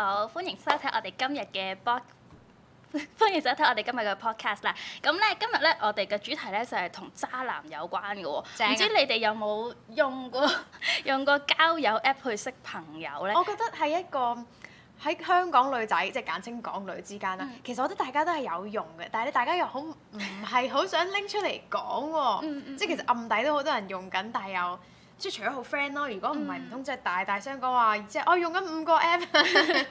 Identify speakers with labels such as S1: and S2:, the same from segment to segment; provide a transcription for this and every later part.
S1: 好，歡迎收睇我哋今日嘅播，歡迎收睇我哋今日嘅 podcast 啦。咁咧，今日咧，我哋嘅主題咧就係同渣男有關嘅喎。唔知你哋有冇用過用過交友 app 去識朋友咧？我覺得係一個喺香港女仔，即係簡稱港女之
S2: 間啦。其實我覺得大家都係有用嘅，但係咧，大家又好唔係好想拎出嚟講喎。即係其實暗底都好多人用緊，但係又～即係除咗好 friend 咯，如果唔係唔通即係大大
S1: 聲講話，即係我用緊五個 app。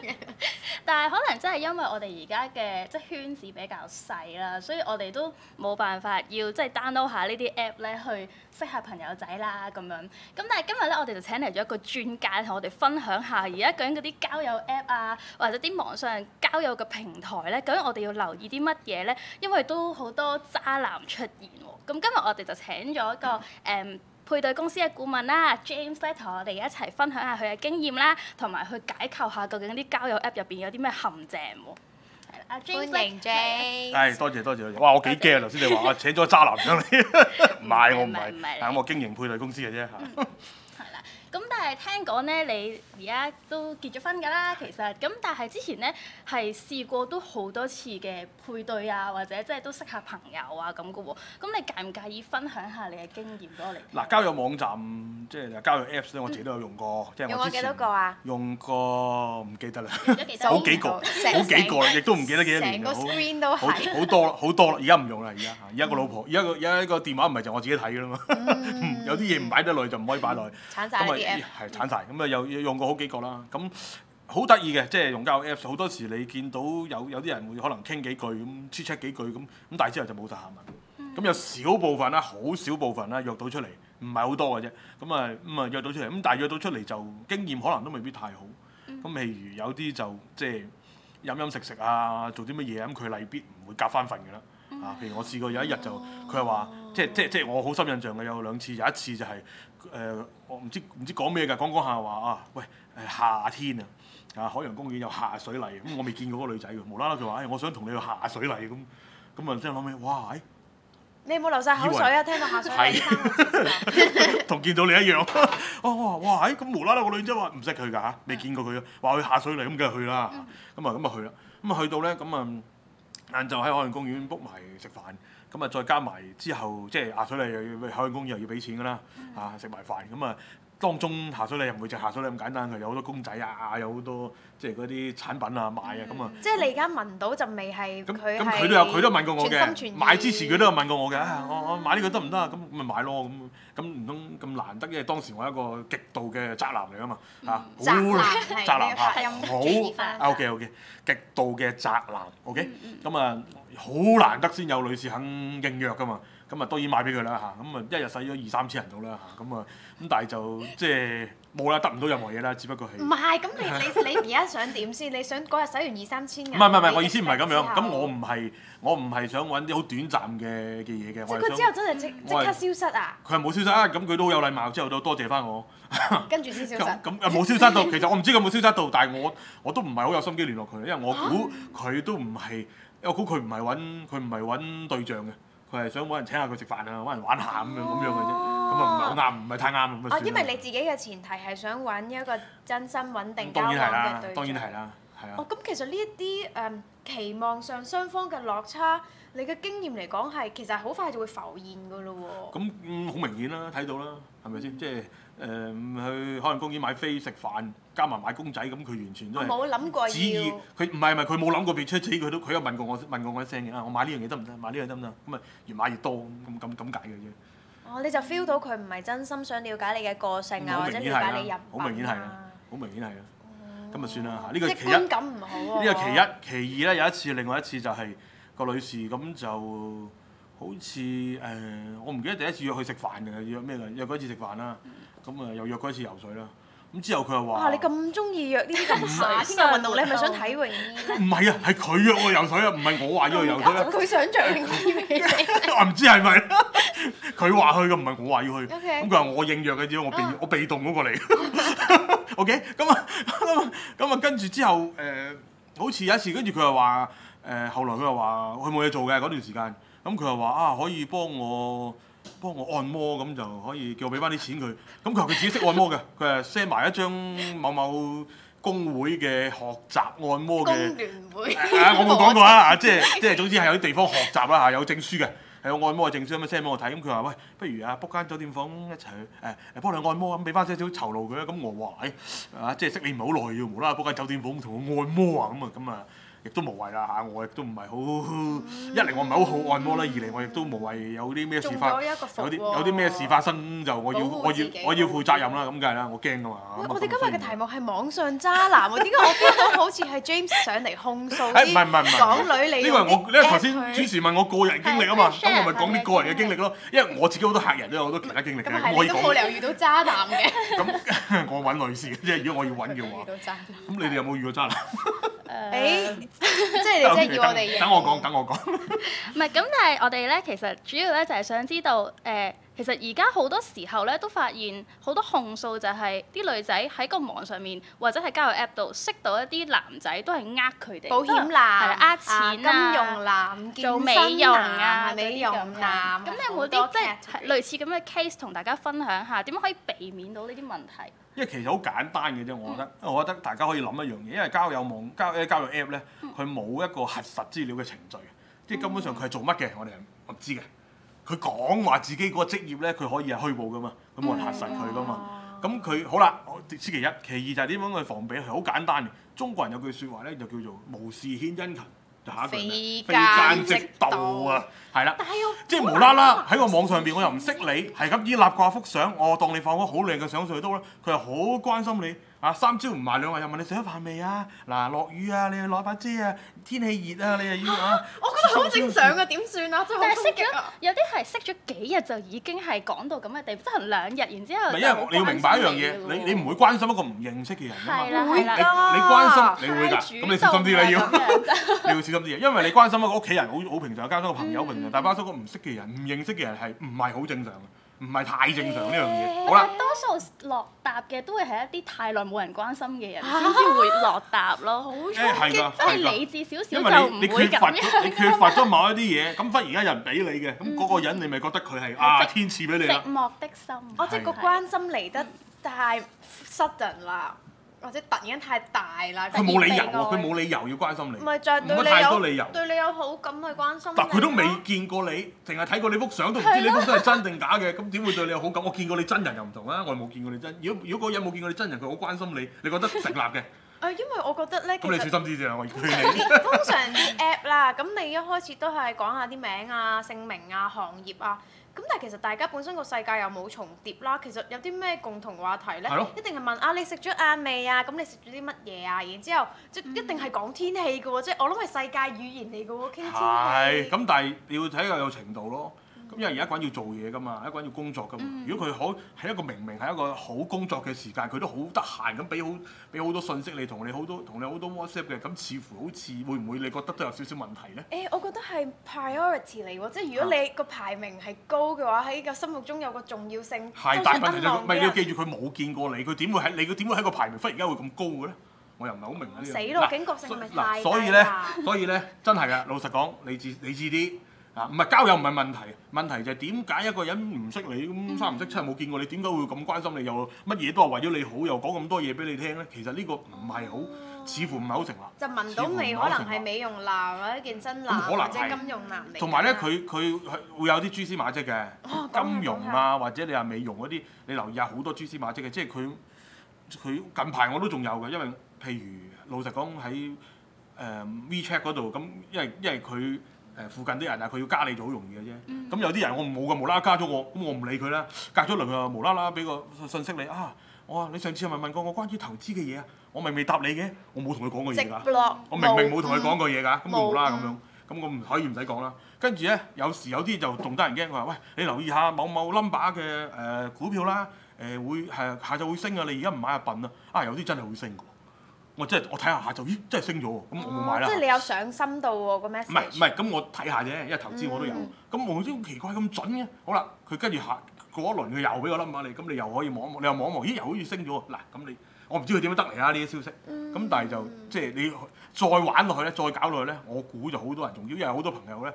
S1: 但係可能真係因為我哋而家嘅即係圈子比較細啦，所以我哋都冇辦法要即係 download 下呢啲 app 咧，去識下朋友仔啦咁樣。咁但係今日咧，我哋就請嚟咗一個專家同我哋分享下而家究竟嗰啲交友 app 啊，或者啲網上交友嘅平台咧，究竟我哋要留意啲乜嘢咧？因為都好多渣男出現喎。咁今日我哋就請咗一個誒。嗯 um, 配對公司嘅顧問啦，James 咧同我哋一齊分享下佢嘅經驗啦，同埋去解構下究竟啲交友 App 入邊有啲咩陷阱喎。阿、啊、James，歡迎
S3: James、哎、多謝多謝，多謝，哇！我幾驚啊，頭先你話我請咗渣男上嚟，唔係我唔係，是但我經營配對公司嘅啫嚇。嗯
S1: 咁但係聽講咧，你而家都結咗婚噶啦，其實咁但係之前咧係試過都好多次嘅配對啊，或者即係都識下朋友啊咁噶喎。咁你介唔介意分享下你嘅經驗俾我哋？嗱，
S3: 交友網站即係交友 Apps 咧，我自己都有用過，即係我之
S1: 前用過幾多個
S3: 啊？用過唔記得啦，好幾個，好幾個，亦都唔記得幾多年。成個 screen 都係好多好多，而家唔用啦，而家而家個老婆，而家個而家個電話唔係就我自己睇噶啦嘛。有啲嘢唔擺得耐就唔可以擺耐。係鏟晒。咁啊又用過好幾個啦，咁好得意嘅，即係用交友 Apps，好多時你見到有有啲人會可能傾幾句咁 chat chat 幾句咁，咁但係之後就冇下文。咁、mm hmm. 有少部分啦，好少部分啦，約到出嚟，唔係好多嘅啫。咁啊咁啊約到出嚟，咁但係約到出嚟就經驗可能都未必太好。咁譬如有啲就即係飲飲食食啊，做啲乜嘢咁，佢例必唔會夾翻份㗎啦。啊，譬如我試過有一日就，佢係話，即係即係即係我好深印象嘅有兩次，有一次就係、是、誒、呃，我唔知唔知講咩㗎，講講下話啊，喂誒夏天啊，啊海洋公園有下水禮，咁我未見過嗰個女仔㗎，無啦啦就話，我想同你去下水禮，咁咁啊即諗起，哇、嗯嗯、 你有冇流晒口
S2: 水啊！為聽到下水
S1: 禮，
S3: 同見到你一樣，我我哇咁、欸嗯、無啦啦個女仔話唔識佢㗎嚇，未、啊、見過佢、嗯、 啊，話、嗯、去下水禮咁梗係去啦，咁啊咁啊去啦，咁啊去到咧咁啊～晏晝喺海洋公園 book 埋食飯，咁啊再加埋之後，即係阿水，你又要海洋公園，又要俾錢噶啦，啊，食埋飯，咁、mm hmm. 啊～當中下水禮又唔會就下水禮咁簡單，佢有好多公仔啊，有好多即係嗰啲產品啊買啊咁啊。
S2: 即係你而家聞到就未係咁佢都有，佢都問過我嘅，買之前佢都
S3: 有問過我嘅。我我買呢個得唔得啊？咁咪買咯咁。咁唔通咁難得，因為當時我係一個極度嘅宅男嚟啊嘛嚇。宅男宅男好。OK OK，極度嘅宅男 OK。咁啊，好難得先有女士肯應約噶嘛。咁啊當然買俾佢啦嚇，咁啊一日使咗二三千人度啦嚇，咁啊咁但係就即係冇啦，得唔到任何嘢啦，只不過係唔係咁，
S2: 你你你而家想點先？你想嗰日使完二三千銀？唔係唔係唔係，我意思唔係咁樣，咁我唔
S3: 係我唔係想揾啲好短暫嘅嘅嘢嘅。佢之後真係
S2: 即即刻消失啊？
S3: 佢係冇消失啊，咁佢都好有禮貌，之後都多謝返我。 跟住先消失。咁冇消失到，其實我唔知佢冇消失到， 但係我我都唔係好有心機聯絡佢，因為我估佢都唔係，啊、我估佢唔係揾佢唔係揾對象嘅。佢係想揾人請下佢食飯啊，揾人玩下咁、哦、樣咁樣嘅啫，咁啊唔係好啱，唔係太啱啊。因為你自
S2: 己嘅前提係想揾一個真心穩定交往嘅對象。當然
S3: 啦、啊，當
S2: 然係啦，係啊。啊哦，咁其實呢一啲誒期望上雙方嘅落差，你嘅經驗嚟講係其實好快就會浮現㗎咯喎。
S3: 咁好、嗯、明顯啦、啊，睇到啦，係咪先？即係。誒去海洋公園買飛食飯，加埋買公仔，咁佢完全都係只要佢唔係唔係佢冇諗過畀出錢，佢都佢有問過我問過我一聲嘅啊，我買呢樣嘢得唔得？買呢樣得唔得？咁啊越買越多咁咁咁解嘅啫。
S2: 哦，你就 feel 到佢唔係真心想了解你嘅個性啊，嗯、啊或者了解你人、啊。好明顯係啦、
S3: 啊，好明顯係啦、啊。咁啊、嗯、算啦嚇，呢、呢個其一。呢、啊、個其一，其二咧有一次另外一次就係個女士咁就好似誒、呃、我唔記得第一次約去食飯定係約咩㗎？約，約一次食飯啦。嗯咁啊，又約過一次游水啦。咁之後佢又話：says, 哇，你
S2: 咁中意約呢啲水，嘅天氣運動，你係咪想睇泳衣？
S3: 唔係啊，係佢約我游水啊，唔係我話要去游水。佢
S2: 想著呢啲嘢。
S3: 我唔知係咪？佢話去嘅，唔係我話要去。咁佢話我應約嘅，只我我被動嗰個嚟。OK，咁啊咁啊跟住之後誒，好似有一次，跟住佢又話誒，後來佢又話佢冇嘢做嘅嗰段時間，咁佢又話啊，可以幫我。幫我按摩咁就可以叫我俾翻啲錢佢，咁佢話佢自己識按摩嘅，佢係 send 埋一張某某工會嘅學習按摩嘅工
S1: 聯會啊，我冇講
S3: 過啊，即係即係總之係有啲地方學習啦嚇，有證書嘅，係有按摩嘅證書咁 send 俾我睇，咁佢話喂，不如啊 book 間酒店房一齊誒誒幫你按摩咁俾翻少少酬勞佢，咁我話誒啊，即係識你唔係好耐嘅，無啦啦 book 間酒店房同我按摩啊咁啊咁啊。亦都無謂啦嚇，我亦都唔係好一嚟，我唔係好好按摩啦；二嚟，我亦都無謂有啲咩事發，有啲有啲咩事發生就我要我要我要負責任啦，咁梗係啦，我驚噶嘛。我哋今日嘅題
S2: 目係網上渣男喎，點解我聽到好似係 James 上嚟控訴啲港女嚟，因為我呢個頭先
S3: 主持問我個人經歷啊嘛，咁我咪講啲個人嘅經歷咯。因為我自己好多客人都有好多其他經歷嘅，我可以冇理由遇到渣男嘅。咁我揾女士，即係如果我要揾嘅話。咁你哋有冇遇過渣男？
S1: 誒，uh, 即係你真係要我哋等 Okay, 讓我講，等我講。唔係咁，但係我哋咧，其實主要咧就係想知道誒。呃其實而家好多時候咧，都發現好多控訴就係啲女仔喺個網上面或者喺交友 App 度識到一啲男仔，都係呃佢哋。保險男、呃錢、啊、金融男、男做美容啊、美容男。咁等多你有冇啲即係類似咁嘅 case 同大家分享下，點樣可以避免到呢啲問題？因
S3: 為其實好簡單嘅啫，我覺得，嗯、因為我覺得大家可以諗一樣嘢，因為交友網、交誒交友 App 咧，佢冇一個核實資料嘅程序，即係根本上佢係做乜嘅？我哋唔知嘅。佢講話自己嗰個職業咧，佢可以係虛報噶嘛，咁我核實佢噶嘛。咁佢好啦，此其一。其二就係點樣去防備，係好簡單嘅。中國人有句説話咧，就叫做無事獻殷勤，就下一句咩？非奸即盜啊！係啦，即係無啦啦喺個網上邊，我又唔識你，係咁依立掛幅相，我當你放咗好靚嘅相上去都佢又好關心你啊，三朝唔埋兩日，又問你食咗飯未啊，嗱落雨啊，你攞把遮啊，天氣熱啊，你又要啊，
S1: 我覺得好正常啊，點算啊？即係識咗有啲係識咗幾日就已經係講到咁嘅地步，即係兩日，然之後，因為你要明白一樣嘢，
S3: 你你唔會關心一個唔認識嘅人嘅嘛，你你關心你會㗎，咁你小心啲啦要，你要小心啲嘅，因為你關心一個屋企人，好好平常交心嘅朋友大班收哥唔識嘅人，唔認識嘅人係唔係好正常？唔係太正常呢樣嘢。的好啦吧，但
S1: 多數落答嘅都會係一啲太耐冇人關心嘅人，先至、啊、會落答咯。好，係、欸、理智少少就唔會咁。因為你你缺乏，你缺
S3: 乏咗某一啲嘢，咁 忽然間有人俾你嘅，咁嗰個人你咪覺得佢係啊即天賜俾你啦。寂
S2: 寞的心，哦的，我即係個關心嚟得太 sudden 啦。或者突然間太大啦，佢冇理由喎，佢冇
S3: 理，理由要關心你。唔係，着、就係、對你太多理由，
S2: 對你有好感去關心。但佢都
S3: 未見過你，淨係睇過你幅相都唔知你幅相係真定假嘅，咁點 會對你有好感？我見過你真人又唔同啦，我冇見過你真。如果如果嗰人冇見過你真人，佢好關心你，你覺得成立嘅？
S2: 誒、 呃，因為我覺得咧，咁你小心啲
S3: 先啦， 我建議你。 通
S2: 常啲 App 啦，咁你一開始都係講下啲名啊、姓名啊、行業啊。咁但係其實大家本身個世界又冇重疊啦，其實有啲咩共同話題咧？是的 一定係問啊，你食咗晏未啊？咁你食咗啲乜嘢啊？然之後即一定係講天氣嘅喎，即係、嗯、我諗係世界語言嚟嘅喎，傾的天
S3: 氣。係，咁但係你要睇下有程度咯。因為而家一個人要做嘢噶嘛，一個人要工作噶嘛。如果佢好，係一個明明係一個好工作嘅時間，佢都好得閒咁俾好俾好多信息你，同你好多同你好多 WhatsApp 嘅，咁似乎好似會唔會你覺得都有少少問題咧？
S2: 誒、欸，我覺得係 priority 嚟喎、哦，即係如果你個排名係高嘅話，喺個心目中有個重要性，都、啊、大問題就係。唔係 要記住
S3: 佢冇見過你，佢點會喺你佢點會喺個排名忽然間會咁高嘅咧？我又唔係好明呢個。死咯 面，警
S2: 覺性咪所以咧，所
S3: 以咧，真係噶，老實講，理智理智啲。唔係交友唔係問題，問題就係點解一個人唔識你咁三唔識七冇見過你，點解會咁關心你又乜嘢都係為咗你好，又講咁多嘢俾你聽咧？其實呢個唔係好，似乎唔係好成立。
S2: 就聞到味可能係美容男或者健身男可能或者金融男嚟同埋咧，
S3: 佢佢係會有啲蛛絲馬跡嘅、哦，
S2: 金融啊
S3: 或者你話美容嗰啲，你留意下好多蛛絲馬跡嘅，即係佢佢近排我都仲有嘅，因為譬如老實講喺誒 WeChat、嗯、嗰度咁，因為因為佢。附近啲人啊，佢要加你就好容易嘅啫。咁、嗯、有啲人我冇嘅，無啦啦加咗我，咁我唔理佢啦。隔咗耐佢又無啦啦俾個信息你啊，我話你上次係咪問過我關於投資嘅嘢啊？我明明答你嘅，我冇同佢講過嘢㗎。
S2: 我明明冇同佢講
S3: 過嘢㗎，咁無啦啦咁樣，咁我唔可以唔使講啦。跟住咧，有時有啲就仲得人驚，佢話喂，你留意下某，某某 number 嘅誒、uh, 股票啦，誒、uh, 會係下晝會升嘅，你而家唔買啊笨啊！啊有啲真係會升㗎。我真係我睇下下，就咦，真係升咗喎，咁我冇買啦。即係你
S2: 有上深度喎個咩？唔係
S3: 唔係，咁我睇下啫，因為投資我都有。咁好似好奇怪咁準嘅，好啦，佢跟住下過一輪，佢又俾我冧下你，咁你又可以望一望，你又望一望，咦又好似升咗喎。嗱，咁你我唔知佢點樣得嚟啦呢啲消息。咁、嗯、但係就即係、就是、你再玩落去咧，再搞落去咧，我估就好多人仲要，因為好多朋友咧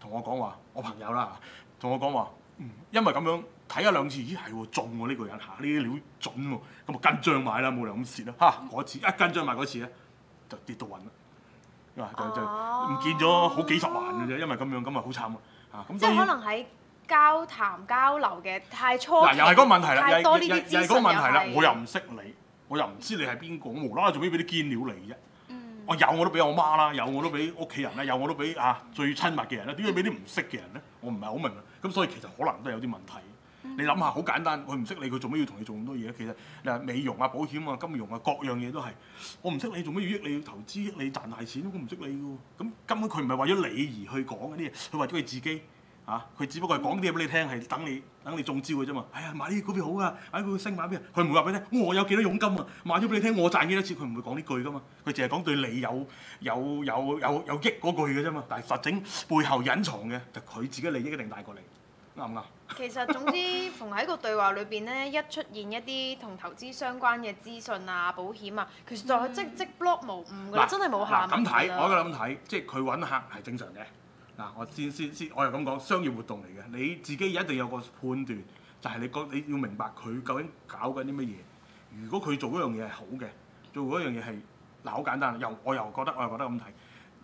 S3: 同我講話，我朋友啦同我講話、
S1: 嗯，
S3: 因為咁樣。睇咗兩次，咦係喎、欸哦、中喎呢、呢個人嚇呢啲料準喎、啊，咁啊跟張買啦，冇理由咁蝕啦嚇。嗰次一跟張買嗰次咧就跌到暈啦，就就唔見咗好幾十萬嘅啫，因為咁樣，咁啊好慘啊嚇，咁即係可能
S2: 喺交談交流嘅太初嗱、啊、又係個問題啦，多資又係個問題啦，又是我又唔
S3: 識你，我又唔知你係邊個，我無啦啦做咩俾啲堅料你啫？嗯啊、我有我都俾我媽啦，有我都俾屋企人啦，有我都俾啊最親密嘅人啦，點解俾啲唔識嘅人咧？我唔係好明啊，咁所以其實可能都有啲問題。你諗下，好簡單，佢唔識你，佢做乜要同你做咁多嘢咧？其實嗱，你話美容啊、保險啊、金融啊，各樣嘢都係，我唔識你，做乜要益你？投資，益你賺大錢，我唔識你嘅喎。咁根本佢唔係為咗你而去講嗰啲嘢，佢為咗佢自己嚇。佢、啊、只不過係講啲嘢俾你聽，係等你等你中招嘅啫嘛。哎呀，買呢股票好啊，哎、啊，佢升買邊？佢唔會話俾你聽、哦。我有幾多佣金啊？買咗俾你聽，我賺幾多錢？佢唔會講呢句噶嘛。佢淨係講對你有有有有有益嗰句嘅啫嘛。但係實整背後隱藏嘅就佢、是、自己利益一定大過你。啱唔啱？
S2: 其實總之，逢喺 個對話裏邊咧，一出現一啲同投資相關嘅資訊啊、保險啊，其實就係即即 block 無誤㗎。嗱喇，真係冇下文啦。嗱咁睇，我而家咁
S3: 睇，即係佢揾客係正常嘅。嗱，我先先先，我又咁講，商業活動嚟嘅，你自己一定有個判斷。就係、是、你覺你要明白佢究竟搞緊啲乜嘢。如果佢做嗰樣嘢係好嘅，做嗰樣嘢係嗱好簡單又我又覺得，我又覺得咁睇。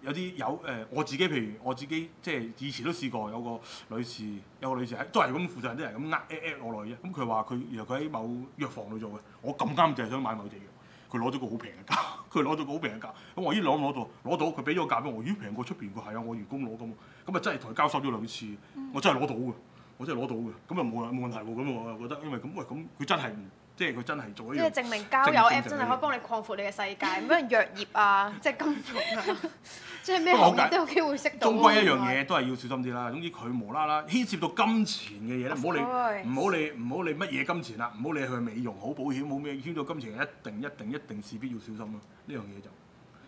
S3: 有啲有誒，我自己譬如我自己即係以前都試過有個女士，有個女士喺都係咁，負責人都係咁呃 at 落去嘅。咁佢話佢原來佢喺某藥房度做嘅，我咁啱就係想買某隻藥，佢攞咗個好平嘅價，佢攞咗個好平嘅價。咁我依攞攞到？攞到佢俾咗個價俾我，咦？平過出邊㗎？係啊，我員工攞㗎嘛。咁啊，嗯、真係台交收咗兩次，我真係攞到嘅，我真係攞到嘅。咁就冇啦，冇問題喎。咁我又覺得因為咁喂咁，佢真係唔。即係佢真係做咗。即係證明交友 app 真係可以
S2: 幫你擴闊你嘅世界，咩 藥業啊， 即係金融啊，即係咩行業都有機會識到。中規一樣嘢
S3: 都係要小心啲啦。總之佢無啦啦牽涉到金錢嘅嘢咧，唔好理，唔好理，唔好理乜嘢金錢啦，唔好理佢美容好保險，冇咩牽到金錢，一定一定一定，一定事必要小心咯。呢樣嘢就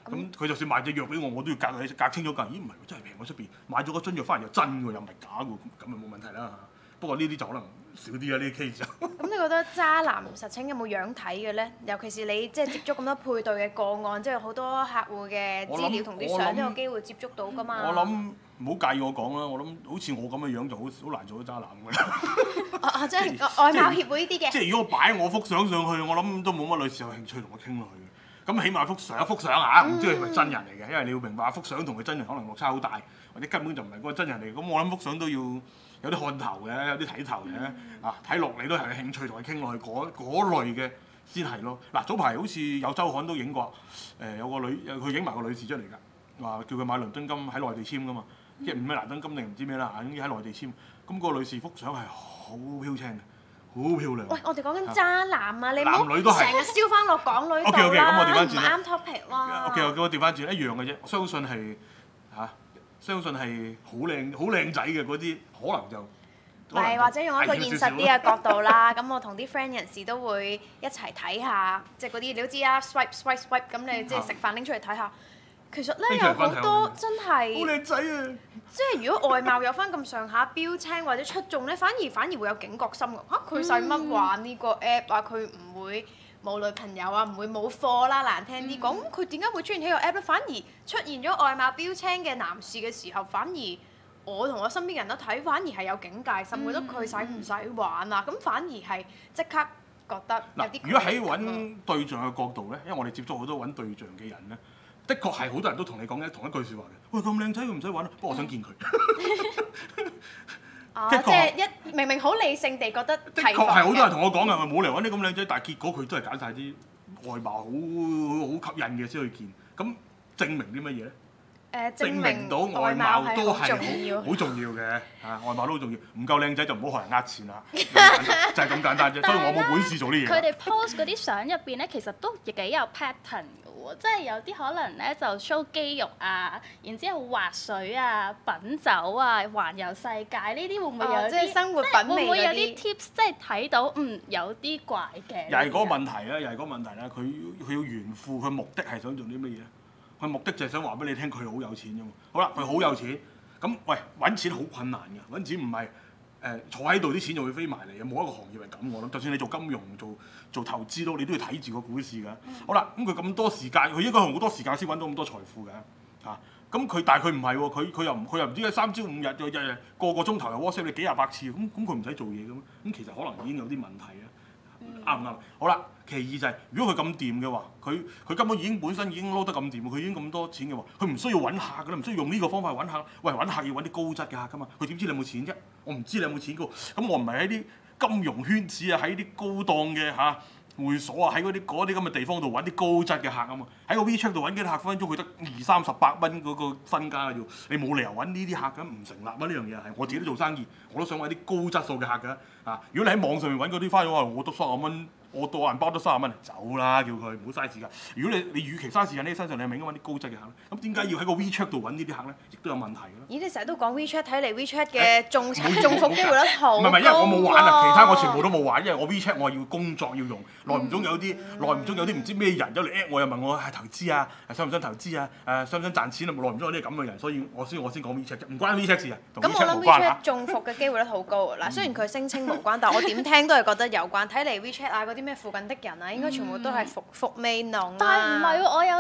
S3: 咁，佢那就算買隻藥俾我，我都要隔起，隔清楚隔。咦？唔係，真係平過出邊？買咗個樽藥翻嚟又真㗎，又唔係假㗎，咁咪冇問題啦。不過呢啲就可能。少啲啊呢啲 case，
S2: 咁 你覺得渣男實情有冇樣睇嘅咧？尤其是你即係接觸咁多配對嘅個案，即係好多客戶嘅資料同啲相都有機會接觸到㗎嘛我想。我諗
S3: 唔好介意我講啦，我諗好似我咁嘅樣,樣就好好難做啲渣男㗎。啊啊，即
S2: 係外貌協會呢啲嘅。即係如
S3: 果擺我幅相上,上去，我諗都冇乜女士有興趣同我傾落去嘅。咁起碼幅相一幅相啊，唔知係咪真人嚟嘅？因為你要明白幅 相同佢真人可能落差好大，或者根本就唔係嗰個真人嚟。咁我諗幅相都要。有啲看頭嘅，有啲睇頭嘅，嗯、啊睇落你都係有興趣同佢傾落去嗰類嘅先係咯。嗱早排好似有周刊都影過，誒、呃、有個女，佢影埋個女士出嚟㗎，話叫佢買倫敦金喺內地簽㗎嘛，即係唔係倫敦金定唔知咩啦？咁樣喺內地簽，咁、嗯咁個女士幅相係好飄青嘅，好漂亮。喂，
S2: 我哋講緊渣男啊，是你別 男女都係成日
S3: 燒翻落港女度啦，唔啱
S2: topic 喎。對 OK
S3: OK，咁我調翻轉一樣嘅啫，相,相信係。相信係好靚好靚仔嘅嗰啲，可能就唔
S2: 係或者用一個現實啲嘅角度啦。咁 我同啲 friend 人士都會一齊睇下，即係嗰啲你都知啊，swipe swipe swipe。咁你即係食飯拎出嚟睇下，其實咧有好多真係，好靚仔啊、即係如果外貌有翻咁上下標青或者出眾咧，反而反而會有警覺心嘅。嚇，佢使乜玩呢個 app 啊？佢唔會。冇女朋友啊，唔會冇貨啦，難聽啲講，佢點解會出現喺個 app 咧？反而出現咗外貌標青嘅男士嘅時候，反而我同我身邊人都睇，反而係有警戒心，嗯、覺得佢使唔使玩啊？咁、嗯、反而係即刻覺得有啲。如果喺揾
S3: 對象嘅角度咧，因為我哋接觸好多揾對象嘅人咧，的確係好多人都同你講緊同一句説話嘅，喂，咁靚仔，佢唔使揾，不過我想見佢。
S2: 哦、即係一明明好理性地覺得的，的確係好多人同
S3: 我講，係咪冇嚟揾啲咁靚仔？但係結果佢都係揀晒啲外貌好好吸引嘅先去見，咁證明啲乜嘢咧？
S2: 誒，證明到
S3: 外貌都係好好重要嘅嚇、 啊，外貌都好重要，唔夠靚仔就唔好學人呃錢啦， 就係咁簡單啫。所以我冇本事做呢啲嘢。佢
S1: 哋 post 嗰啲相入邊咧，其實都亦幾有 pattern 嘅喎，即係有啲可能咧就 show 肌肉啊，然之後滑水啊、品酒啊、環遊世界呢啲，會唔會有啲？即係生活品味？會唔會有啲 tips？即係睇到嗯，有啲怪嘅。又係嗰個問題
S3: 啦、啊，又係嗰個問題啦、啊。佢佢要炫富，佢目的係想做啲乜嘢咧？佢目的就係想話俾你聽，佢好有錢啫嘛。好啦，佢好有錢，咁喂揾錢好困難嘅，揾錢唔係誒坐喺度啲錢就會飛埋嚟嘅。冇一個行業係咁。我諗就算你做金融、做做投資都，你都要睇住個股市嘅。嗯、好啦，咁佢咁多時間，佢應該用好多時間先揾到咁多財富嘅嚇。咁、啊、佢但係佢唔係喎，佢佢又唔佢又唔知三朝五日日日個個鐘頭又 whatsapp 你幾廿百次，咁咁佢唔使做嘢嘅咩？咁其實可能已經有啲問題啦。啱唔啱？好啦。其二就係、是，如果佢咁掂嘅話，佢佢根本已經本身已經撈得咁掂，佢已經咁多錢嘅話，佢唔需要揾客㗎喇，唔需要用呢個方法嚟揾客。喂，揾客要揾啲高質嘅客㗎嘛，佢點知你有冇錢啫？我唔知你有冇錢嘅喎，咁我唔係喺啲金融圈子啊，喺啲高檔嘅嚇會所啊，喺嗰啲啲咁嘅地方度揾啲高質嘅客啊嘛，喺個 WeChat 度揾幾多客，分分鐘佢得二三十八蚊嗰個身家嘅要，你冇理由揾呢啲客嘅，唔成立啊。呢樣嘢係我自己都做生意，我都想揾啲高質素嘅客㗎、啊。啊，如果你喺網上面揾嗰啲花友話，我，我得三十蚊。我當人包三十蚊走啦，叫佢唔好嘥時間。如果你你與其嘥時間呢，身上你咪唔應該揾啲高質嘅客。咁點解要喺個 WeChat 度揾呢啲客咧？亦都有問題㗎。咦？
S2: 你成日都講 WeChat，睇嚟 WeChat 嘅中中伏機會率好高？唔係，唔係，因為我冇玩啊，其他我全部
S3: 都冇玩。因為我 WeChat 我係要工作要用，耐唔中有啲耐唔中有啲唔知咩人有嚟我又問我係投資啊，想唔想投資啊？誒，想唔想賺錢啊？耐唔中有啲咁嘅人，所以我所以我先講 WeChat，唔關 WeChat 事啊。咁我諗 WeChat
S2: 中伏嘅機會率好高嗱，雖然佢聲稱無關，但我點聽都係覺得有關。睇嚟 WeChat 啊啲。咩附近的人啊，應該全部都係服服味
S1: 濃啦。但係唔係喎，我有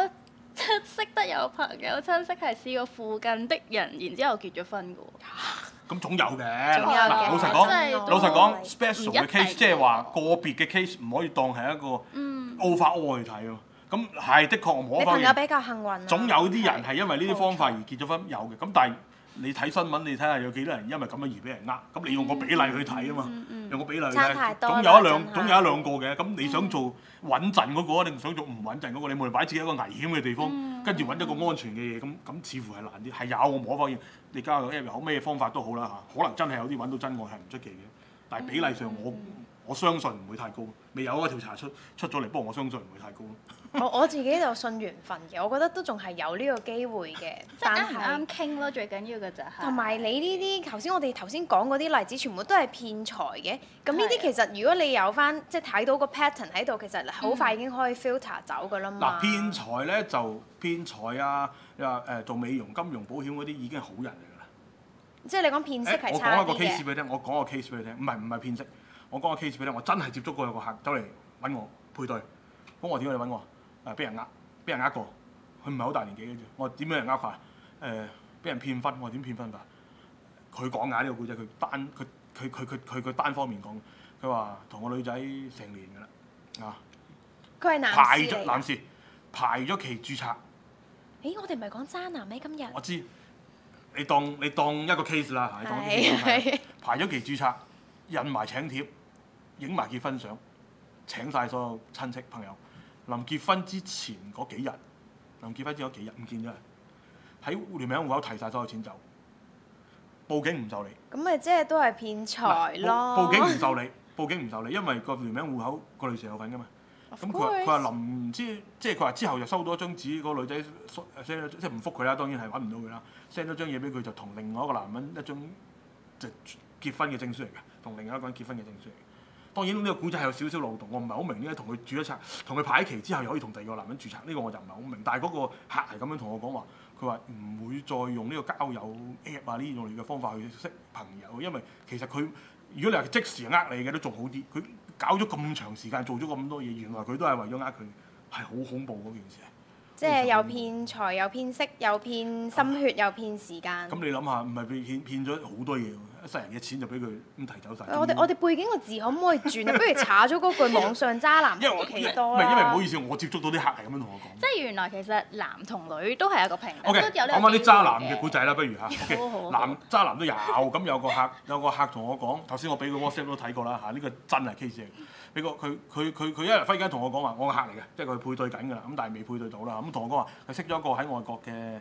S1: 親識得有朋友親戚係試過附近的人，然之後結咗婚嘅
S3: 喎。咁總有嘅。總有。老實講，老實講，special 嘅 case，即係話個別嘅 case 唔可以當係一個 overall 去睇咯。咁係的確唔可。你朋友比較幸運。總有啲人係因為呢啲方法而結咗婚有嘅。咁但係你睇新聞，你睇下有幾多人因為咁樣而俾人呃？咁你用個比例去睇啊嘛。有個比例嘅，總有一兩總有一兩個嘅。咁你想做穩陣嗰個，定唔想做唔穩陣嗰個？你咪擺自己一個危險嘅地方，跟住揾一個安全嘅嘢。咁咁、嗯、似乎係難啲。係有我冇發現，你交個 app 又好，咩方法都好啦嚇。可能真係有啲揾到真愛係唔出奇嘅，但係比例上我我相信唔會太高。未有啊，調查出出咗嚟，不過我相信唔會太高。
S2: 我 我自己就信緣分嘅，我覺得都仲係有呢個機會嘅。即係啱傾咯， 最緊要嘅就係。同埋你呢啲頭先，的我哋頭先講嗰啲例子，全部都係騙財嘅。咁呢啲其實，的如果你有翻即係睇到個 pattern 喺度，其實好快已經可以 filter 走噶啦嘛。嗱、嗯、騙
S3: 財咧就騙財啊！你話誒做美容、金融、保險嗰啲已經係好人嚟㗎啦。
S2: 即係你講騙色係差、欸、我講一個 case
S3: 俾你聽，我講個 case 俾你聽。唔係唔係騙色，我講個 case 俾你聽。我真係接觸過有個客走嚟揾我配對，咁我點解要揾我？誒俾人呃，俾人呃過，佢唔係好大年紀嘅啫。我點俾人呃法？誒俾人騙婚、呃，我點騙婚法？佢講嘅呢個故仔，佢單佢佢佢佢佢佢單方面講。佢話同個女仔成年嘅啦，啊，
S1: 佢係男排咗男
S3: 士，排咗期註冊。
S2: 誒、欸，我哋唔係講渣男咩、啊？今日我
S3: 知，你當你當一個 case 啦是，你當 case, 是排咗期註冊，印埋請帖，影埋結婚相，請晒所有親戚朋友。臨結婚之前嗰幾日，臨結婚之前嗰幾日唔見咗，喺聯名戶口提晒所有錢走，報警唔受理。
S2: 咁咪即係都係騙財咯。報警唔
S3: 受理，報警唔受理，因為個聯名戶口個女士有份㗎嘛。咁佢佢話臨之即係佢話之後就收到一張紙，那個女仔即 e 唔復佢啦，當然係揾唔到佢啦。send 咗張嘢俾佢，就同另外一個男人一張就係結婚嘅證書嚟嘅，同另外一個人結婚嘅證書嚟。當然呢個古仔係有少少漏洞，我唔係好明點解同佢註冊，同佢排期之後又可以同第二個男人註冊，呢、這個我就唔係好明。但係嗰個客係咁樣同我講話，佢話唔會再用呢個交友 app 啊呢種類嘅方法去識朋友，因為其實佢如果你話即時呃你嘅都仲好啲，佢搞咗咁長時間做咗咁多嘢，原來佢都係為咗呃佢，係好恐怖嗰件事。即係又騙
S2: 財又騙色又騙心血又騙時間。咁、嗯、
S3: 你諗下，唔係被騙騙咗好多嘢。一世人嘅錢就俾佢咁提走晒。我哋 我哋
S2: 背景個字可唔可以轉啊？ 不如查咗嗰句網上渣男因為我
S1: 企多唔係、啊、因為唔好意
S3: 思，我接觸到啲客係咁樣同我講。
S1: 即係 原來其實男同女都係一個平等。O K，講翻啲渣男嘅古
S3: 仔啦，不如嚇。好好。男渣男都有咁有個客有個客同我講，頭先我俾個 WhatsApp 都睇過啦嚇，呢、啊這個真係 case 俾個佢佢佢佢一忽然間同我講話，我個客嚟嘅，即係佢配對緊㗎啦，咁但係未配對到啦。咁、嗯、同、嗯、我講話，佢識咗一個喺外國嘅，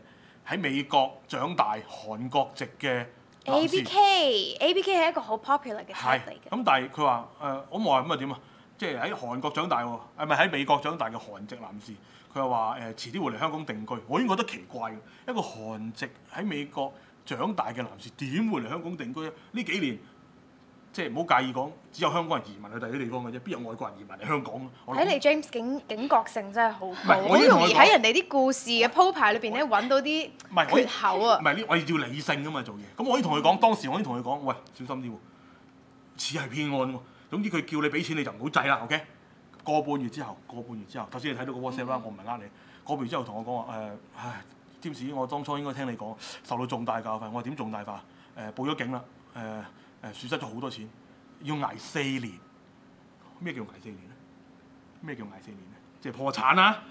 S3: 喺美國長大韓國籍嘅。A B K
S2: A B K 係一個好 popular 嘅名嚟嘅。
S3: 咁的、嗯、但係佢話誒，好耐咁啊點啊？即係喺韓國長大喎，係咪喺美國長大嘅韓籍男士？佢又話誒，遲啲會嚟香港定居。我已經覺得奇怪嘅，一個韓籍喺美國長大嘅男士點會嚟香港定居咧？呢幾年。即係唔好介意講，只有香港人移民去第啲地方嘅啫，邊有外國人移民嚟香港？睇嚟
S2: James 警警覺性真係好高，好容易喺人哋啲故事嘅鋪排裏邊咧揾到啲缺口啊！
S3: 唔係呢，我係要理性㗎嘛做嘢。咁我可以同佢講，嗯、當時我已經同佢講，喂，小心啲喎，似係騙案喎。總之佢叫你俾錢你就唔好制啦，OK？個半月之後，個半月之後，頭先你睇到個 WhatsApp 啦，我唔係呃你。個半月之後同、嗯、我講話誒，唉，James，我當初應該聽你講，受到重大教訓。我點重大法？誒、呃，報咗警啦，誒、呃。呃誒損失咗好多錢，要捱四年。咩叫捱四年咧？咩叫捱四年咧？即係破產啊？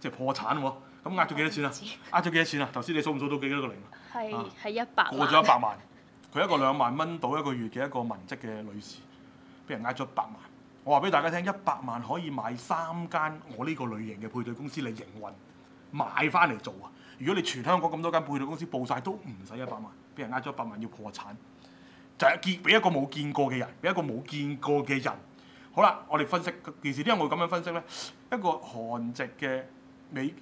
S3: 即係破產喎、啊。咁呃咗幾多錢啊？呃咗幾多錢啊？頭先你數唔數到幾多個零？係係
S1: 一百。過咗、啊、一百萬，
S3: 佢一,一個兩萬蚊到一個月嘅一個文職嘅女士，俾人呃咗一百萬。我話俾大家聽，一百萬可以買三間我呢個類型嘅配對公司嚟營運，買翻嚟做啊！如果你全香港咁多間配對公司報晒，都唔使一百萬，俾人呃咗一百萬要破產。就係見俾一個冇見過嘅人，俾一個冇見過嘅人。好啦，我哋分析件事。其實點解我會咁樣分析咧？一個韓籍嘅美誒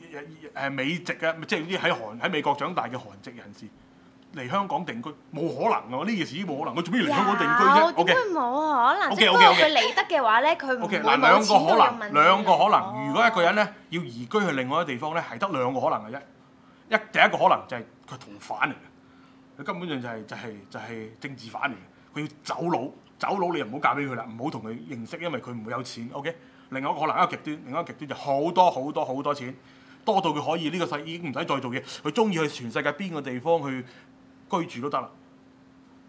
S3: 誒美籍嘅，咪即係啲喺韓喺美國長大嘅韓籍人士嚟香港定居，冇可能嘅。我呢件事冇可能，佢做咩嚟香港定居啫？O K，冇可
S2: 能。O K，O K，O K。如果佢嚟得嘅話咧，佢冇錢嘅問題。O K，嗱兩個可能，
S3: 兩個可能。如果一個人咧要移居去另外一個地方咧，係得兩個可能嘅啫。一第一個可能就係佢同返嚟嘅。佢根本上就係、是、就係、是、就係、是、政治犯嚟嘅，佢要走佬，走佬你又唔好嫁俾佢啦，唔好同佢認識，因為佢唔會有錢。OK，另外一個可能一個極端，另外一個極端就好多好多好多錢，多到佢可以呢、這個世已經唔使再做嘢，佢中意去全世界邊個地方去居住都得啦。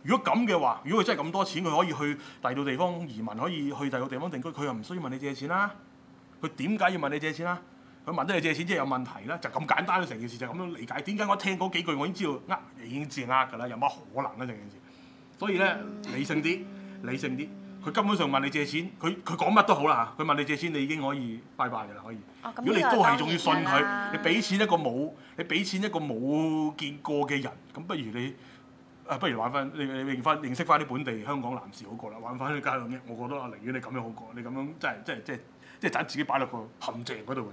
S3: 如果咁嘅話，如果佢真係咁多錢，佢可以去第二個地方移民，可以去第二個地方定居，佢又唔需要問你借錢啦。佢點解要問你借錢啊？佢問得你借錢即係有問題啦，就咁簡單啦，成件事就咁樣理解。點解我聽嗰幾句我已經知道呃，你已經自呃㗎啦，有乜可能咧？成件事，所以咧、嗯、理性啲，理性啲。佢根本上問你借錢，佢佢講乜都好啦，佢問你借錢，你已經可以拜拜㗎啦，可以。哦嗯、如果你都係仲要信佢，你俾錢一個冇，你俾錢一個冇見過嘅人，咁不如你啊，不如玩翻，你你認識翻啲本地香港男士好過啦，玩翻啲交友 Apps。我覺得啊，寧願你咁樣好過，你咁樣真係真係真。即係盞自己擺落個陷阱嗰度嘅。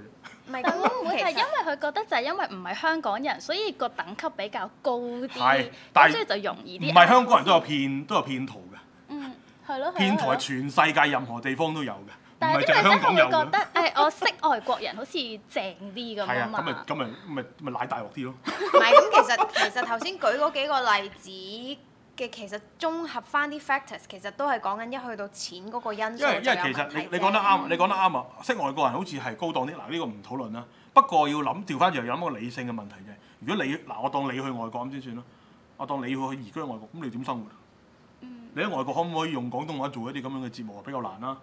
S3: 唔
S1: 係咁唔會係因為佢覺得就係因為唔係香港人，所以個等級比較高啲，所以就容易啲。唔係香港人都有
S3: 騙都有騙徒嘅。嗯，
S1: 係咯，騙徒
S3: 全世界任何地方都有嘅，唔係就香港有
S1: 嘅。誒，我識外國人好似正啲咁樣。係啊，咁咪
S3: 咁咪咪咪賴大鑊啲咯。
S1: 唔係，咁其實其實頭先舉
S2: 嗰幾個例子。其實綜合翻啲 factors，其實都係講緊一去到錢嗰個因素。因為因為其實你、嗯、你講得啱，你講得啱
S3: 啊！識外國人好似係高檔啲嗱，呢、呢個唔討論啦。不過要諗調翻轉嚟諗個理性嘅問題就係：如果你嗱，我當你去外國咁先算啦。我當你要去移居外國，咁你點生活？嗯、你喺外國可唔可以用廣東話做一啲咁樣嘅節目？比較難啦，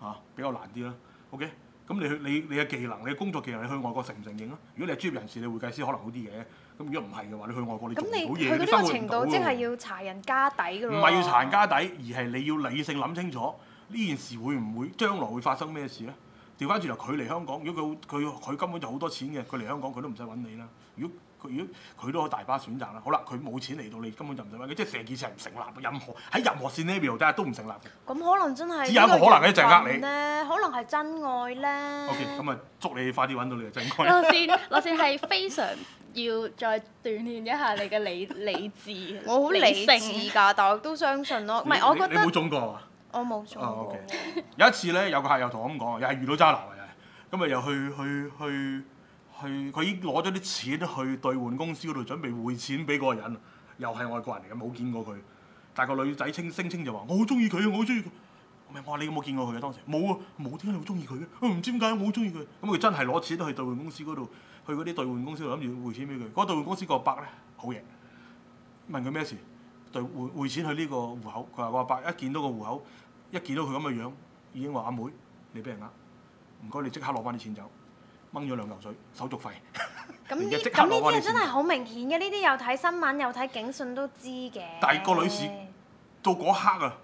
S3: 嚇、啊、比較難啲啦。OK。咁你去你你嘅技能，你嘅工作技能，你去外國承唔承應啊？如果你係專業人士，你會計師可能好啲嘅。咁如果唔係嘅話，你去外國你，你做唔到嘢，個個生活唔到呢咁程度，即係
S2: 要查人家底噶咯？唔係要查人家
S3: 底，而係你要理性諗清楚呢件事會唔會將來會發生咩事咧？調翻轉頭，佢嚟香港，如果佢佢佢根本就好多錢嘅，佢嚟香港佢都唔使揾你啦。如果佢如果佢都有大把選擇啦，好啦，佢冇錢嚟到你根本就唔使揾，即係成件事係唔成立，任何喺任何線 level 都唔成立嘅。
S2: 咁可能
S1: 真係只有一個可能咧，就係呃你。咧可能係真愛咧。OK，
S3: 咁啊，祝你快啲揾到你嘅真愛。
S1: Loksin，Loksin 係非常要再鍛鍊一下你嘅理理智，我好理性㗎，但我都相信咯。唔係，我覺得你冇中過。我冇
S2: 中過。有
S3: 一次咧，有個客又同我咁講，又係遇到渣男嚟嘅，今日又去去去。去佢已經攞咗啲錢去兌換公司嗰度準備匯錢俾嗰個人，又係外國人嚟嘅，冇見過佢，但係個女仔清聲稱就話我好中意佢啊，我好中意佢。我話你有冇見過佢啊？當時冇啊，冇，點解你好中意佢嘅？唔知點解我好中意佢。咁佢真係攞錢去兌換公司嗰度，去嗰啲兌換公司度諗住匯錢俾佢。嗰個兌換公司個伯咧好型，問佢咩事？兌換匯錢去呢個戶口。佢話個伯一見到個戶口，一見到佢咁嘅樣，已經話阿妹你俾人呃，唔該你即刻攞翻啲錢走。掹咗兩嚿水，手續費。咁呢這？咁呢啲真係
S2: 好明顯嘅，呢啲 又睇新聞又睇警訊都知嘅。但係個女士
S3: 到嗰刻啊，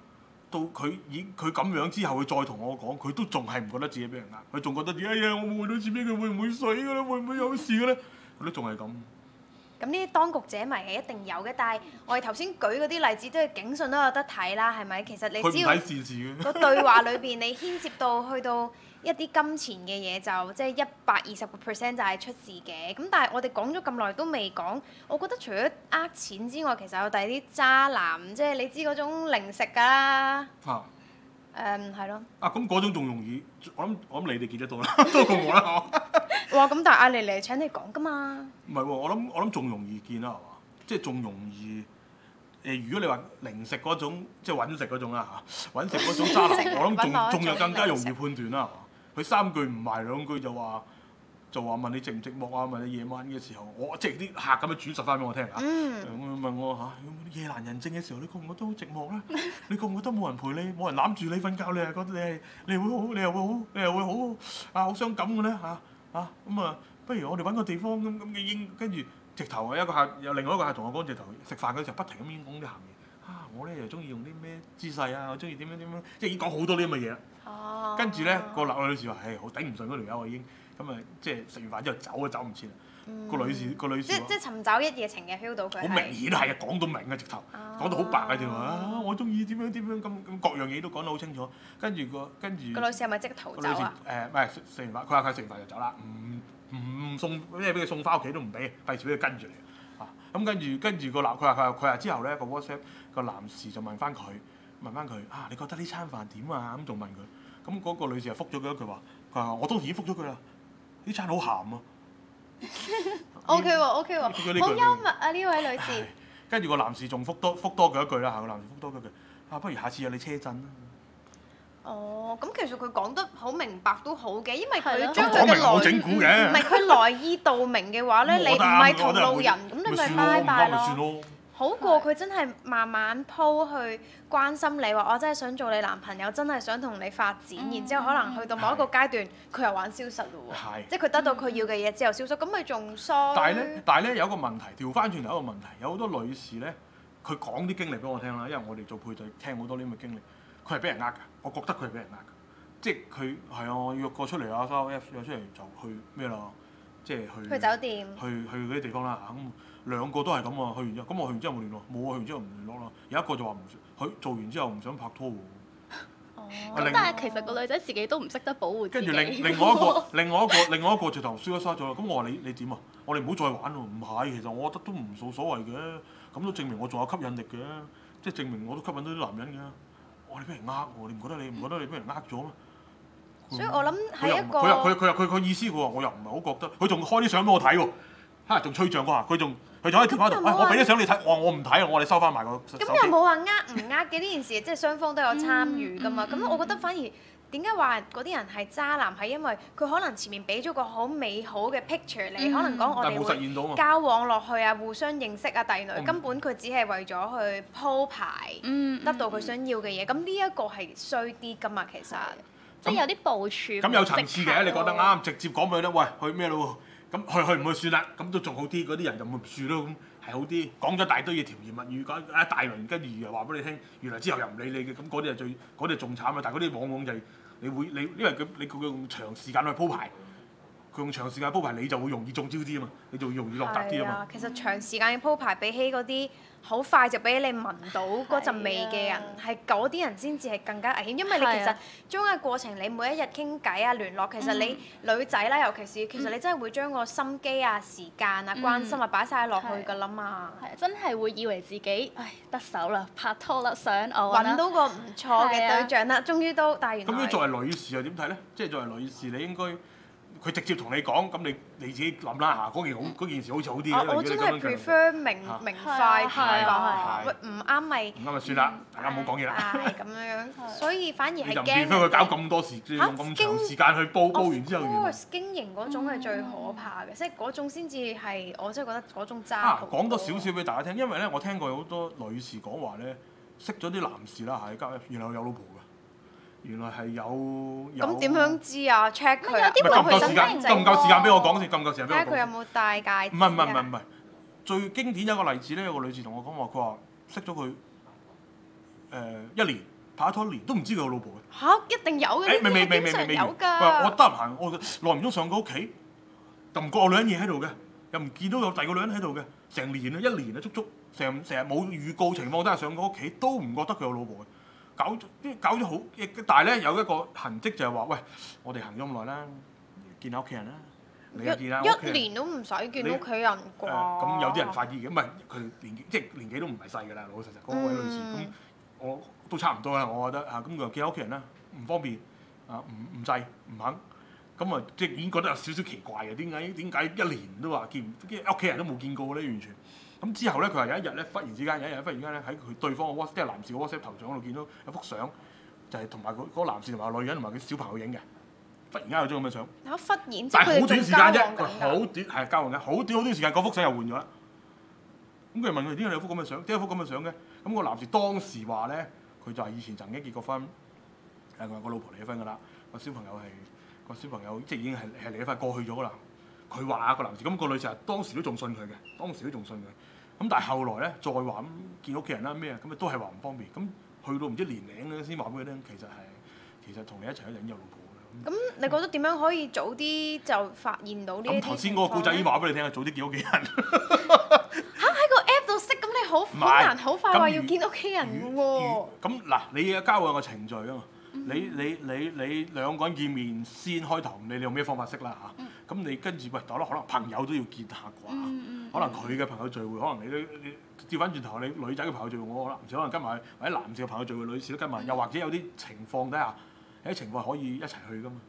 S3: 到佢以佢咁樣之後，佢再同我講，佢都仲係唔覺得自己俾人呃。佢仲覺得自己啊，yeah, yeah, 我換到錢俾佢會唔會死㗎咧？會唔會有事嘅咧？佢都仲係咁。
S2: 咁呢啲當局者迷係一定有嘅，但係我哋頭先舉嗰啲例子都係警訊都有得睇啦，係咪？其實你只要個 對話裏邊你牽涉到去到。一啲金錢嘅嘢就即係一百二十個 percent 就係、是、出事嘅，咁但係我哋講咗咁耐都未講，我覺得除咗呃錢之外，其實有第啲渣男，即係你知嗰種零食㗎啦，誒係咯。
S3: 啊，咁嗰、啊 um, 啊嗯、種仲容易，我諗我諗你哋見得到啦，多過我啦
S2: 嗬。哇、 嗯！咁但係阿麗麗請你講㗎嘛？
S3: 唔係喎，我諗我諗仲容易見啦，係嘛？即係仲容易誒、呃？如果你話零食嗰種即係揾食嗰種啊嚇，揾食嗰種渣男，食品 我諗仲仲有更加容易判斷啦，係嘛？ 佢三句唔埋兩句就話就話問你寂唔寂寞啊？問你夜晚嘅時候，我即係啲客咁樣轉述翻俾我聽、
S1: mm. 我
S3: 啊！咁問我嚇夜難人靜嘅時候你覺覺，你覺唔覺得好寂寞咧？你覺唔覺得冇人陪你，冇人攬住你瞓覺，你係覺得你係你會好，你又會好，你又會好啊！好傷感嘅咧嚇啊咁啊，啊，不如我哋揾個地方咁咁嘅應跟住直頭啊一個客又另外一個客同我講直頭食飯嘅時候不停咁講啲鹹嘢。啊！我咧又中意用啲咩姿勢啊！我中意點樣點樣，即係已經講好多啲咁嘅嘢啦。哦、
S2: 啊。跟住咧，
S3: 個男、啊、個女士話：唉、欸，好頂唔順嗰條友啊，我已經咁咪即係食完飯之後走都走唔切。個女士個女士。嗯、女士即即
S2: 尋找一夜情嘅 feel 到佢。好明顯係啊，
S3: 講到明嘅直頭講到好白嘅啫嘛。我中意點樣點樣，咁咁各樣嘢都講得好清楚。跟住個跟住。個女士
S2: 係咪即係逃走
S3: 啊？誒、呃，唔係食完飯，佢話佢食完飯就走啦，唔、嗯、唔、嗯、送咩俾佢送翻屋企都唔俾，費事俾佢跟住嚟。咁跟住，跟住個男，佢話佢話佢話之後咧，個 WhatsApp 個男士就問返佢，問返佢啊，你覺得呢餐飯點啊？咁仲問佢，咁嗰個女士就覆咗佢一句話，佢話我當然已經覆咗佢啦，呢餐好鹹啊。OK 喎，OK 喎，好幽默啊呢
S2: 位女士。哎，
S3: 跟住個男士仲覆多覆多佢一句啦，個男士覆多佢一句，啊， 不如下次有你車震啦。
S2: 哦，咁其實佢講得好明白都好嘅，因為佢將佢
S3: 嘅整蠱嘅，唔係佢
S2: 來意道明嘅話咧，你唔係同路人咁，你咪拜拜咯。好過佢真係慢慢鋪去關心你，話我真係想做你男朋友，真係想同你發展，然之後可能去到某一個階段，佢又玩消失嘞喎。係，即係佢得到佢要嘅嘢之後消失，咁咪仲疏。但係咧，
S3: 但係咧有一個問題，調翻轉頭一個問題，有好多女士咧，佢講啲經歷俾我聽啦，因為我哋做配對聽好多呢咁嘅經歷。佢係俾人呃噶，我覺得佢係俾人呃，即係佢係啊，我約過出嚟啊，收 F 約出嚟就去咩咯，即係去去酒店、去去嗰啲地方啦嚇。咁、嗯、兩個都係咁啊，去完之後，咁我去完之後冇聯絡，冇啊，去完之後唔聯絡咯。有一個就話唔，佢做完之後唔想拍拖喎。哦、
S1: 但係其實個女仔自己都唔識得保護。跟住另外 另外一個、
S3: 另外一個、另外一個直頭輸咗沙咗啦。咁、嗯、我話你你點啊？我哋唔好再玩喎。唔係，其實我覺得都唔冇所謂嘅，咁都證明我仲有吸引力嘅，即係證明我都吸引到啲男人嘅。我哋俾人呃我？你唔覺得你唔覺得你俾人呃咗咩？
S2: 所以我諗係一個佢
S3: 佢佢佢意思嘅喎，我又唔係好覺得。佢仲開啲相俾我睇喎，仲吹脹嗰下！佢仲佢仲喺電話度。我俾啲相你睇，我我唔睇啊！我哋收翻埋、那個。咁又
S2: 冇話呃唔呃嘅呢件事，即係雙方都有參與㗎嘛。咁、嗯、我覺得反而。點解話嗰啲人係渣男？係因為佢可能前面俾咗個好美好嘅 picture，你、嗯、可能講我哋交往落去啊，嗯、互相認識啊，弟女、嗯、根本佢只係為咗去鋪排，得到佢想要嘅嘢。咁呢一個係衰啲㗎嘛，其實那即係有啲部署。咁有，有層次嘅、啊，啊、你覺得
S3: 啱，直接講俾佢咧，喂，去咩咯？咁去去唔去算啦，咁都仲好啲，嗰啲人就唔會算嘞咁。係好啲，講咗大堆嘢甜言蜜語，講一大輪，跟住又話俾你聽。原來之後又唔理你嘅，咁嗰啲係最，嗰啲仲慘啊！但係嗰啲往往就係、是、你會，你因為佢你佢用長時間去鋪排。用長時間鋪排，你就會容易中招啲啊嘛，你就會容易落搭啲啊嘛。
S2: 其實長時間鋪排比起嗰啲好快就俾你聞到嗰陣味嘅人，係嗰啲人先至係更加危險，因為你其實是、啊、中嘅過程，你每一日傾偈啊、聯絡，其實你、嗯、女仔啦、啊，尤其是其實你真係會將個心機啊、時間啊、關心啊擺晒落去㗎啦嘛，是啊啊、真係會以
S1: 為自己唉得手啦，拍拖啦，上岸，搵到個唔錯嘅對象啦，是啊、終於都帶完。咁樣作
S3: 為女士又點睇咧？即係作為女士，你應該。佢直接同你講，咁你你自己諗啦嚇，嗰件好件事好似好啲。我真係 prefer
S2: 明明快啲啊，唔啱咪唔啱咪算
S3: 啦，大家唔好講嘢啦。
S2: 咁樣樣，所以反而係
S3: 驚。你唔見佢搞咁多時間去煲煲完之後？
S2: 經營嗰種係最可怕嘅，即係嗰種先至係我真係覺得嗰種渣。啊，
S3: 講多少少俾大家聽，因為咧我聽過好多女士講話咧，識咗啲男士啦嚇，而家原來有老婆。原來係有咁點、嗯、樣
S2: 知啊？check 佢。夠唔夠時間？夠唔夠時間俾
S3: 我講先？夠唔夠時間俾我睇下佢有冇
S2: 戴戒指，唔係唔係唔係
S3: 唔係，最經典有個例子咧，有個女士同我講話，佢話識咗佢誒一年，拍咗拖一年都唔知佢有老婆嘅。
S2: 嚇、啊！一定有嘅。誒、哎、未未未未未，未，未有㗎。我得
S3: 閒，我耐唔中上佢屋企，就唔覺我女人嘢喺度嘅，又唔見到有第二個女人喺度嘅，成年啊一年啊，足足成成日冇預告情況都係上佢屋企，都唔覺得佢有老婆嘅。搞啲搞咗好，亦但係咧有一個痕跡就係話：喂，我哋行咗咁耐啦，見到屋企人啦，嚟一啦。一年都
S2: 唔使見屋企人啩？咁、呃、有啲人快
S3: 啲嘅，唔係佢年即係年紀都唔係細㗎啦，老老實實嗰、嗰個、位女士。咁我都差唔多啦，我覺得嚇，咁、嗯、佢、嗯、見下屋企人啦，唔方便啊，唔唔制唔肯。咁啊，即係已經覺得有少少奇怪嘅，點解點解一年都話見屋企人都冇見過咧？完全。咁之後咧，佢話有一日咧，忽然之間有一日忽然之間咧，喺佢對方嘅 WhatsApp，即係男士嘅 WhatsApp 頭像嗰度見到一幅相，就係同埋個嗰個男士同埋個女人同埋佢小朋友影嘅。忽然間有張咁嘅相，嚇！忽
S2: 然，忽然但係好短時間啫，佢好
S3: 短係交往嘅，好短好短，短，短時間，嗰幅相又換咗啦。咁佢問佢點解你有幅咁嘅相？點解有幅咁嘅相嘅？咁、嗰個男士當時話咧，佢就係以前曾經結過婚，誒、呃、個老婆離咗婚㗎啦，個小朋友係個小朋友即係已經係係離咗婚，離婚，離婚，離婚過去咗㗎啦。佢話啊個男士，咁個女士啊當時都仲信佢嘅，當時都仲信佢。咁但係後來咧再話咁見屋企人啦咩啊，咁啊都係話唔方便。咁去到唔知年齡咧先話俾佢聽，其實係其實同你一齊去引誘過嘅。咁
S2: 你覺得點樣可以早啲就發現到呢啲？頭先我個故仔已經
S3: 話俾你聽，早啲見屋企人。
S2: 嚇！ 喺個 app 度識咁你好唔係難好快話要見屋企人喎。
S3: 咁嗱，你要交往個程序啊嘛。你你你你兩個人見面先開頭，唔理你用咩方法識啦吓。咁你跟住喂，我覺得可能朋友都要見下啩。可能佢嘅朋友聚會，可能你都你調翻轉頭，你女仔嘅朋友聚會，我啦，唔少可能跟埋；或者男士嘅朋友聚會，女士都跟埋。又或者有啲情況底下，有啲情況可以一齊去㗎嘛？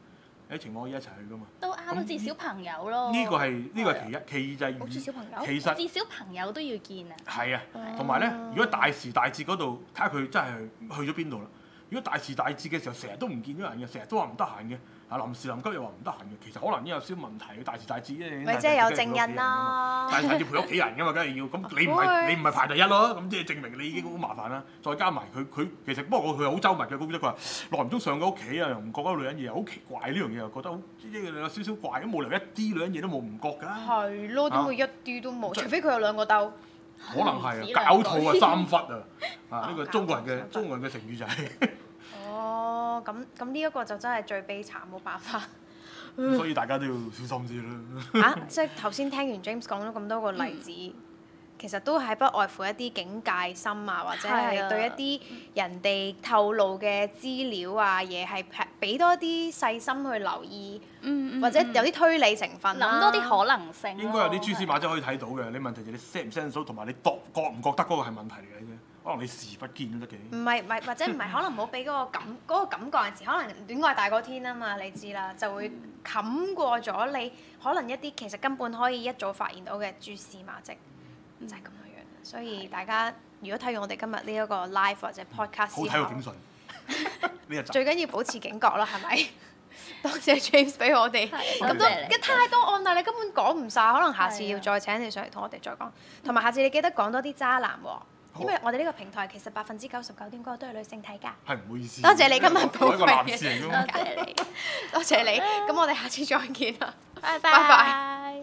S3: 有啲情況可以一齊去㗎嘛？
S1: 都啱，至少朋友咯。呢個係
S3: 呢個係其一，其二就係其實至少
S1: 朋友都要見啊。係啊，同埋咧，
S3: 如果大時大節嗰度，睇下佢真係去咗邊度啦。如果大時大節嘅時候，成日都唔見到人嘅，成日都話唔得閒嘅，啊臨時臨急又話唔得閒嘅，其實可能有少少問題嘅大時大節。喂，即係有證人啦，但係又要陪屋企人㗎嘛，梗係要。咁 你唔係你唔係排第一咯，咁即係證明你已經好麻煩啦。嗯、再加埋佢佢其實不過佢佢好周密嘅，咁即係佢話，耐唔中上個屋企啊，又唔覺得女人嘢，好奇怪呢樣嘢又覺得好，即係有少少怪，咁冇理由一啲女人嘢都冇，唔覺㗎。係咯、
S2: 啊，點會一啲都冇？以除非佢有兩個兜。可能係掃啊，搞錯啊三罰
S3: 啊！啊，呢個、啊、中國人嘅中國人嘅成語就係、是。
S2: 哦，咁咁呢一個就真係最悲慘，冇辦法。
S3: 所以大家都要小心啲啦。
S2: 嚇、 啊！ 即係頭先聽完 James 講咗咁多個例子。 其實都係不外乎一啲警戒心啊，或者係對一啲人哋透露嘅資料啊嘢係平俾多啲細心去留意，
S1: 嗯嗯、或者
S2: 有啲推理成分、啊，諗多啲可能性、啊。應該有啲蛛絲馬
S3: 跡可以睇到嘅，的你問題就你識唔識同埋你覺唔覺得嗰個係問題嚟嘅啫。可能你視而不見都得嘅。
S2: 唔係唔係， 或者唔係，可能冇俾嗰個感嗰、嗰個感覺時，還是可能戀愛大過天啊嘛？你知啦，就會冚過咗你可能一啲其實根本可以一早發現到嘅蛛絲馬跡。就係咁樣樣，所以大家如果睇完我哋今日呢一個 live 或者 podcast，好睇到警訊，
S3: 你又最緊
S2: 要保持警覺咯，係咪？多謝 James 俾我哋，咁多太多案例，你根本講唔晒。可能下次要再請你上嚟同我哋再講，同埋下次你記得講多啲渣男喎，因為我哋呢個平台其實百分之九十九點九都係女性睇㗎，係唔
S3: 好意思，多謝你今日寶貴
S2: 嘅分享，多謝你，多謝你，咁我哋下次再見啦，拜拜。